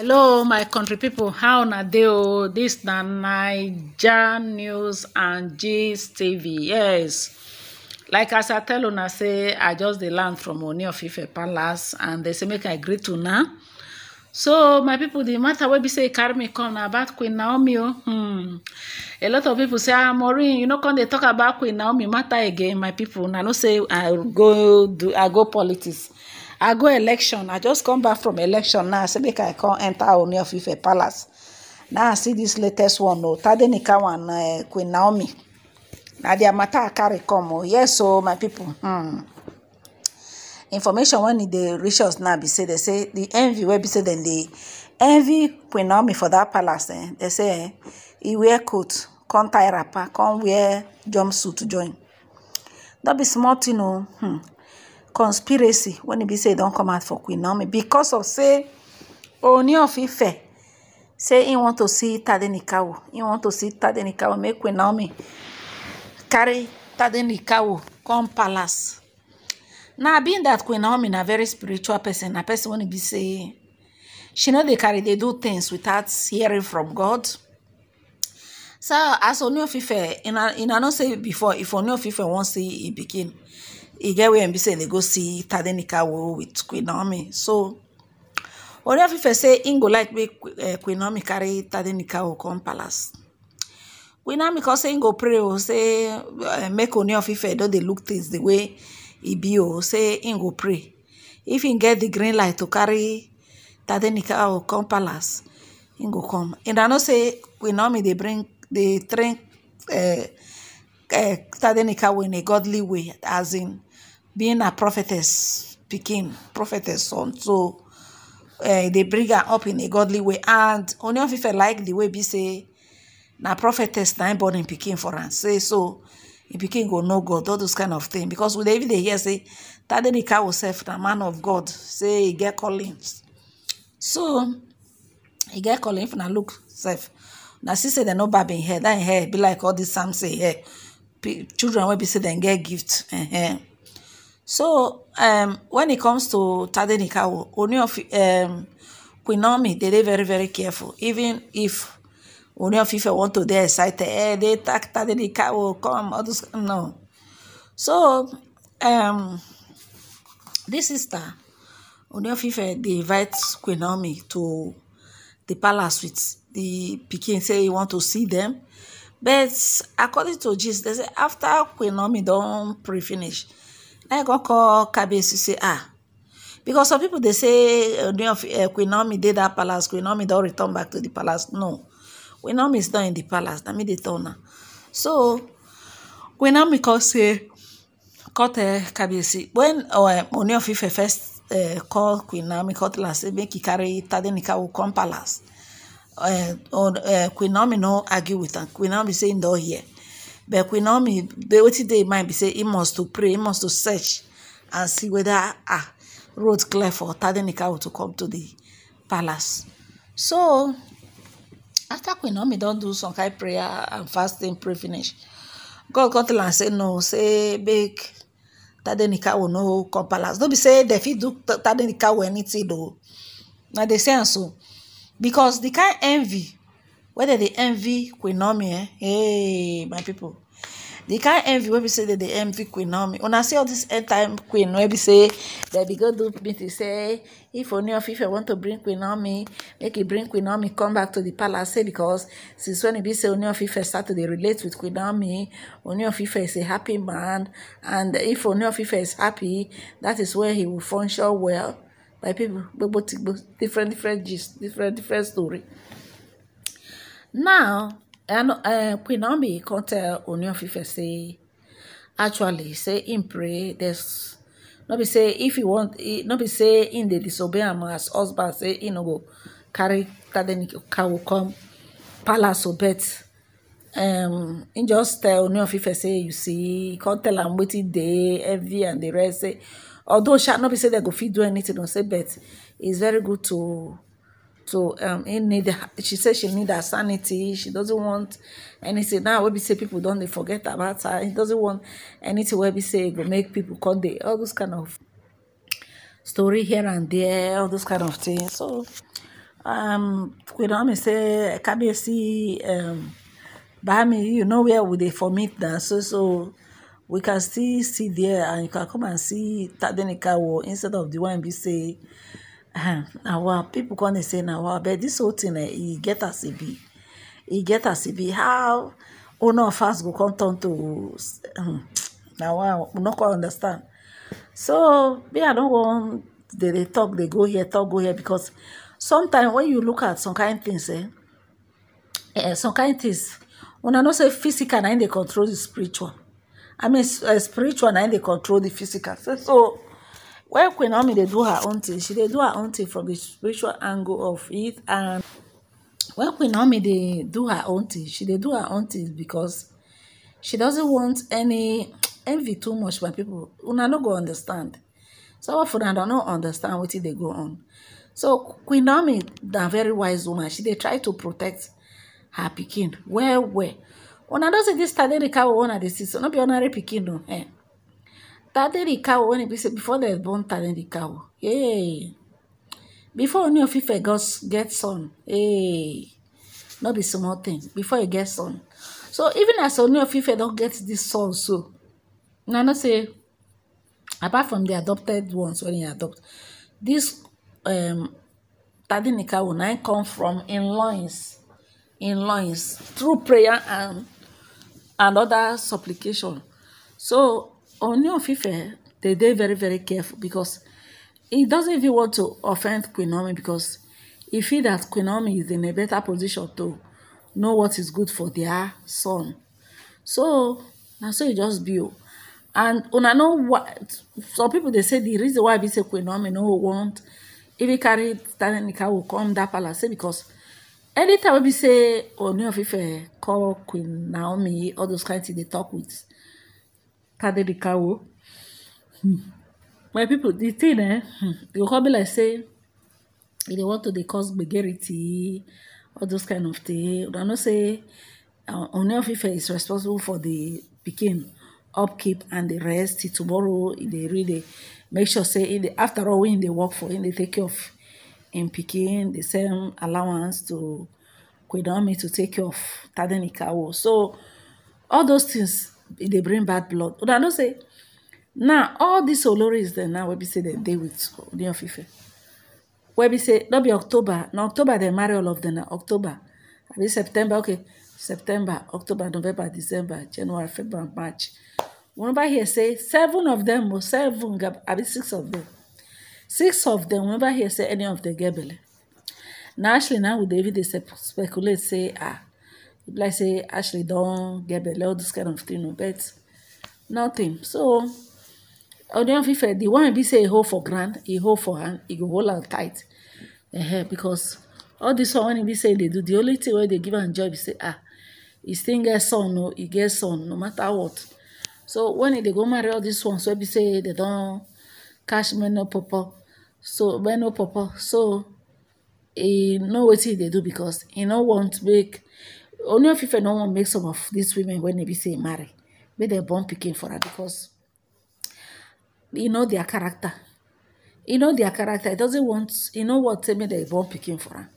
hello my country people. how na dey o dis na naija news and gist tv yes like as i tell una say i just dey land from oni of ife palace and they say make i greet una so my people, the matter wey be say e carry me come na about queen naomi o hmm a lot of people say ah maureen you no come dey talk about queen naomi matter again my people. na no say i go do i go politics i go election i just come back from election now I say make i come enter only of Ife palace now i see this latest one o oh. Tadenikawo and uh, Queen Naomi Now their matter i carry come Oh, yes o oh, my people hmm. information When the reach us now be say they say the envy Where be say dem dey envy Queen Naomi for that palace eh they say eh e wear coat come tie wrapper come wear jumpsuit to join That be smart thing know. Oh. hmm conspiracy wen e be say e don come out for queen naomi because of say oni of say he want to see tadenikawo he want to see tadenikawo make queen naomi carry tadenikawo come palace now being that queen naomi na very spiritual person na person wen e be say she no dey carry dey do things without hearing from god so as oni of ife una know say before if oni of ife wan see e pikin e get where be say dem go see tadenikawo with queen naomi so oriofife say in go like make eh, queen naomi carry tadenikawo come palace queen naomi cause say in go pray o oh, say eh, make oriofife don dey look things the way e oh, he be o say in go pray if he get the green light to carry tadenikawo come palace In go come and i know say queen naomi they bring they train eh, uh, eh, Tadenika way, in a godly way, as in being a prophetess, became prophetess son. So uh, eh, they bring her up in a godly way. And only if I like the way we say, na prophetess na born in Peking, for us. Say so, in Peking, go no God, all those kind of thing. Because with every day they hear say, Tadenika was self, a man of God, say he get callings. So he get calling if na look self. Now she say they no barb in hair, that in hair be like all this some say hair. Yeah. children wey be say they get gift -huh. so um when it comes to tadenikawo oni of um queen naomi dey very very careful even if only of I want to dey excited eh dey tak tadenikawo come others no so um this sister only of ife eh, they invite queen naomi to the palace with the pikin say e want to see them but according to gist they say after queen naomi don't pre finish na im e go call kabiyesi say ah because some people they say uh, uh, queen naomi did that palace queen naomi don't return back to the palace no queen naomi is not in the palace That means dey tell so queen naomi call say call tell uh, kabiyesi wen oni of ife first call queen naomi cutlass say make e carry tadenikawo come palace uh, eh, on, uh, eh, Queen Naomi no argue with am Queen Naomi say no here, but Queen Naomi the dey im might be say he must to pray he must to search and see whether ah road clear for Tadenika to come to the palace so after Queen Naomi don't do some kind prayer and fasting pray finish God come to land say no say Tadenika will no come palace no be say they fit do Tadenikawo anything o Now they say and so because the kind envy whether they envy queen naomi eh hey my people the kind envy When we say that they envy queen when I see all this end time queen when we say that be go do to say if oni of ife want to bring queen naomi make e bring queen naomi come back to the palace say eh? because since when we say oni of ife start to relate with queen naomi oni of ife is a happy man and if oni of ife is happy that is where he will function well my people gbogbo ti gbogbo different different gist different different story now and uh, eh, queen naomi come tell Ooni of Ife say actually say im pray there's no be say if you want no be say im dey disobey am as husband say im no go carry kawo come palace o bet um im just tell Ooni of say you see come tell am wetin dey heavy and the rest say although sha not be say that go feed do anything on say but it's very good to to um need she say she need her sanity she doesn't want anything now wey say people don't dey forget about her He doesn't want anything wey be say go make people come dey all those kind of story here and there all those kind of things so um queen naomi say can see um bahami you know where would they for meet na so so we can still see there and you can come and see Tadenikawo instead of the one be say our people come dey say na our but this whole thing eh, e get as e be e get as e be how owner of house go come turn to um, na wa we no come understand so me i don't wan dey dey talk dey go here talk go here because sometimes when you look at some kind things eh, eh some kind things una know say physical na im dey control the spiritual I mean, uh, spiritual and they control the physical. So, so when Queen Naomi they do her own thing, she they do her own thing from the spiritual angle of it. And when Queen Naomi they do her own thing, she they do her own thing because she doesn't want any envy too much by people. Una no go understand. So, of them, don't understand what they go on. So Queen Naomi, the very wise woman, she they try to protect her pekin. Where, where? una don say dis tadiri cow una dey see so no be ordinary pikin no eh tadiri cow when e be say before dem born tadiri cow hey before oni of ife get son hey eh. not be small thing before e get son so even as oni of ife don get this son so na know say apart from the adopted ones when you e adopt this, um tadinika cow, im e come from in loins in loins through prayer and and other supplication. So Ooni of Ife, they dey very, very careful because he doesn't even want to offend Queen Naomi because he feel that Queen Naomi is in a better position to know what is good for their son. So na so e just be And And I know what some people they say the reason why we say Queen Naomi no want if he carry Stanley Nikawo come that palace because anytime wey be say Ooni of call Queen Naomi all those kind things dey talk with Tadenikawo hmm. my people the thing eh hmm, e go come be like say e dey want to dey cause gbegerity all those kind of thing una know say uh, Ooni is responsible for the pikin upkeep and the rest till tomorrow e dey really make sure say e dey after all wey e dey work for e dey take care of in picking the same allowance to Kwedomi to take care of Tadenikawo. So all those things they bring bad blood. But I know say now all these Oloris then now we be say they dey with Ooni of Ife. We be say no be October. Now October they marry all of them Now October. I be September okay. September, October, November, December, January, February, March. Remember here say seven of them or seven, I be six of them six of dem whenever hear say any of dem get belle na ashley now with david dey speculate say ah e be like say ashley don get belle all this kind of thing o but nothing so onion fife the one be say he hold for ground he hold for hand he go hold am tight uh-huh, because all this one when be say e dey do the only thing wey dey give am joy be say ah he still get son o he get son no matter what so when e dey go marry all these ones wey be say dem don catch many pawpaw so many pawpaw so he know wetin he dey do because he no want make Ooni of Ife no want make some of these women wey e be say marry make dem born pikin for am because e know their character e know their character e doesn't want e no want say make dem born pikin for am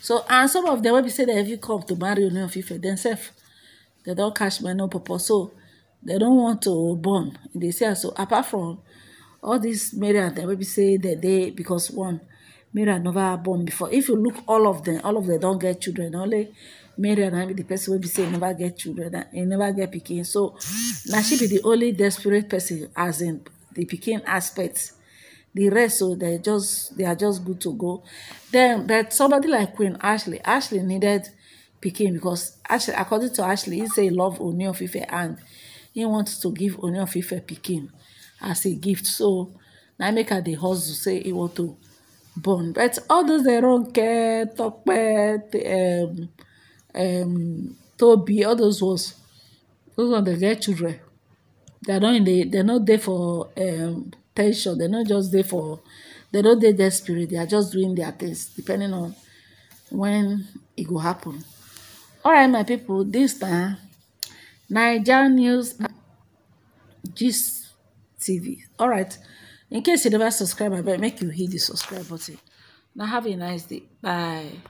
so and some of them wey be say dem even come to marry Ooni of Ife themselves dem don catch many pawpaw so dem don want to born They say so apart from all dis Mariam dem maybe say that they because one Mariam never born before if you look all of them, all of them don't get children only Mariam na be the person will be say never get children and e never get picking. so now she be the only desperate person as in the picking aspects. the rest so they just they are just good to go then but somebody like Queen Ashley Ashley needed picking because Ashley according to Ashley he say love Ooni of Ife and he wants to give Ooni of Ife picking as a gift so na make i dey hustle say e want to born but all those eronke tope um, um, Toby. all those ones those ones dey get children not in the. They're not there for um, tension. They're not just there for they no dey desperate they are just doing their things depending on when it e go happen alright my people this time naija news Just. TV. All right. In case you never subscribe, I beg make you hit the subscribe button. Now have a nice day. Bye.